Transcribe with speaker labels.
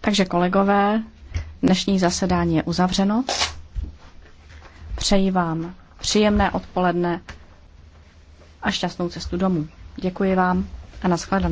Speaker 1: Takže kolegové, dnešní zasedání je uzavřeno. Přeji vám příjemné odpoledne a šťastnou cestu domů. Děkuji vám
Speaker 2: a nashledanou.